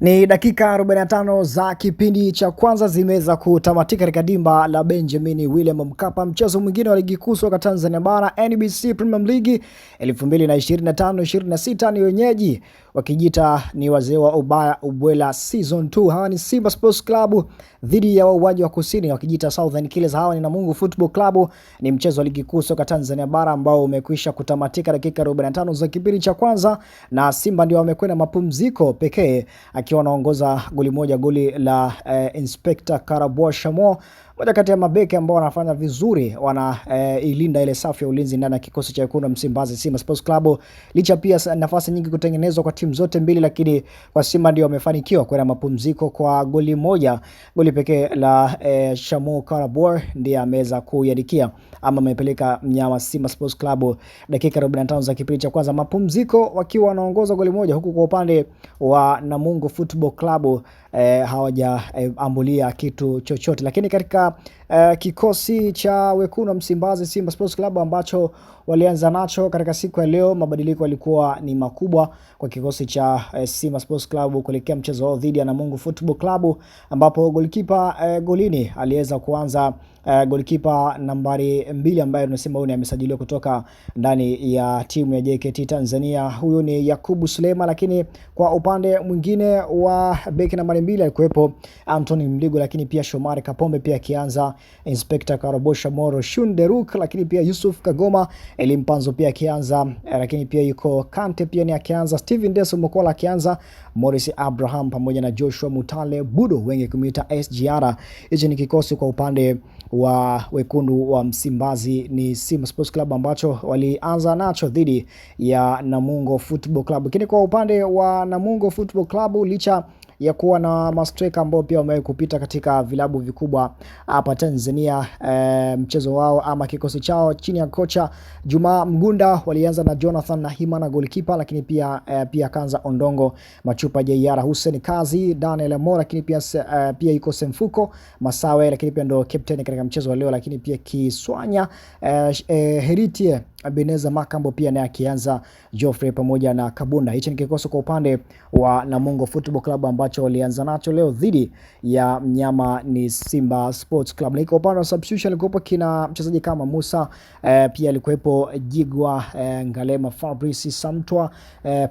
Ni dakika 45 za kipindi cha kwanza zimeweza kutamatika katika dimba la Benjamin William Mkapa, mchezo mwingine wa ligi kuu soka Tanzania bara NBC Premier League 2025-26. Ni wenyeji wakijita ni wazee wa ubaya ubwela season 2. Hawa ni Simba Sports Club dhidi ya wauaji wa kusini wakijita Southern Killers. Hawa ni Namungo Football Club. Ni mchezo wa ligi kuu soka Tanzania bara ambao umekwisha kutamatika dakika 45 za kipindi cha kwanza, na Simba ndio wamekwenda mapumziko pekee akiwa anaongoza goli moja, goli la eh, Inspekta Karabua Shamo moja kati ya mabeki ambao wanafanya vizuri wana e, ilinda ile safu ya ulinzi ndani ya kikosi cha wekundu Msimbazi Simba Sports Club, licha pia nafasi nyingi kutengenezwa kwa timu zote mbili, lakini kwa Simba ndio wamefanikiwa kwenda mapumziko kwa goli moja, goli pekee la e, Shamu Karabor ndiye ameweza kuiandikia ama amepeleka mnyama Simba Sports Club dakika 45 za kipindi cha kwanza mapumziko, wakiwa wanaongoza goli moja, huku kwa upande wa Namungo Football Club e, eh, hawajaambulia e, kitu chochote, lakini katika eh, kikosi cha wekundu wa Msimbazi Simba Sports Club ambacho walianza nacho katika siku ya leo. Mabadiliko yalikuwa ni makubwa kwa kikosi cha eh, Simba Sports Club kuelekea mchezo wao dhidi ya Namungo Football Club ambapo golikipa eh, golini aliweza kuanza uh, eh, golikipa nambari mbili ambaye tunasema huyu amesajiliwa kutoka ndani ya timu ya JKT Tanzania, huyu ni Yakubu Sulema. Lakini kwa upande mwingine wa beki nambari mbili alikuwepo Anthony Mligo, lakini pia Shomari Kapombe pia akianza, Inspector Karobosha Moro Shunderuk, lakini pia Yusuf Kagoma Elimpanzo pia akianza, eh, lakini pia yuko Kante pia ni akianza, Steven Deso Mokola akianza, Morris Abraham pamoja na Joshua Mutale Budo wengi kumuita SGR. Hicho ni kikosi kwa upande wa wekundu wa Msimbazi ni Simba Sports Club ambacho walianza nacho dhidi ya Namungo Football Club. Lakini kwa upande wa Namungo Football Club licha ya kuwa na mastreka ambao pia wamewahi kupita katika vilabu vikubwa hapa Tanzania. E, mchezo wao ama kikosi chao chini ya kocha Juma Mgunda walianza na Jonathan Nahima na golikipa, lakini pia e, pia Kanza Ondongo, Machupa Jr, Hussein Kazi, Daniel Mora, lakini pia e, pia iko Semfuko Masawe, lakini pia ndo captain katika mchezo wa leo, lakini pia Kiswanya e, e, Heritie Ebeneza Makambo pia naye akianza, Geoffrey pamoja na Kabunda. Hichi ni kikosi kwa upande wa Namungo Football Club ambacho walianza nacho leo dhidi ya mnyama ni Simba Sports Club, na kwa upande wa substitution alikuwepo kina mchezaji kama Musa eh, pia alikuwepo Jigwa eh, Ngalema, Fabrice Samtwa eh,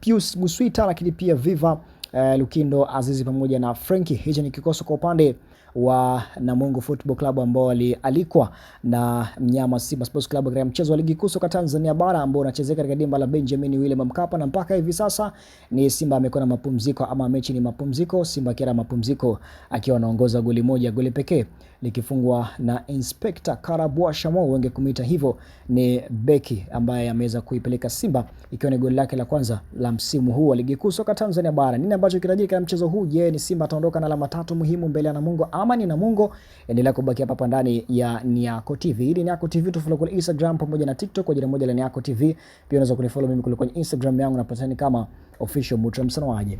Pius Buswita, lakini pia Viva eh, Lukindo Azizi pamoja na Frenki. Hicho ni kikosi kwa upande wa Namungo Football Club ambao walialikwa na mnyama Simba Sports Club katika mchezo wa ligi kuu soka Tanzania bara ambao unachezeka katika dimba la Benjamin William Mkapa, na mpaka hivi sasa ni Simba amekuwa na mapumziko ama mechi ni mapumziko, Simba kila mapumziko akiwa anaongoza goli moja, goli pekee likifungwa na Inspector Karabua Shamo, wenge kumita hivyo, ni beki ambaye ameweza kuipeleka Simba ikiwa ni goli lake la kwanza la msimu huu wa ligi kuu soka Tanzania bara. Nina ambacho kinajiri katika mchezo huu. Je, ni Simba ataondoka na alama tatu muhimu mbele ya Namungo ama ni Namungo? Endelea kubaki hapa ndani ya Niako TV. Hili Niako TV tufollow kule Instagram pamoja na TikTok kwa jina moja la Niako TV. Pia unaweza kunifollow mimi kule kwenye Instagram yangu na patani kama official Mutramson waje.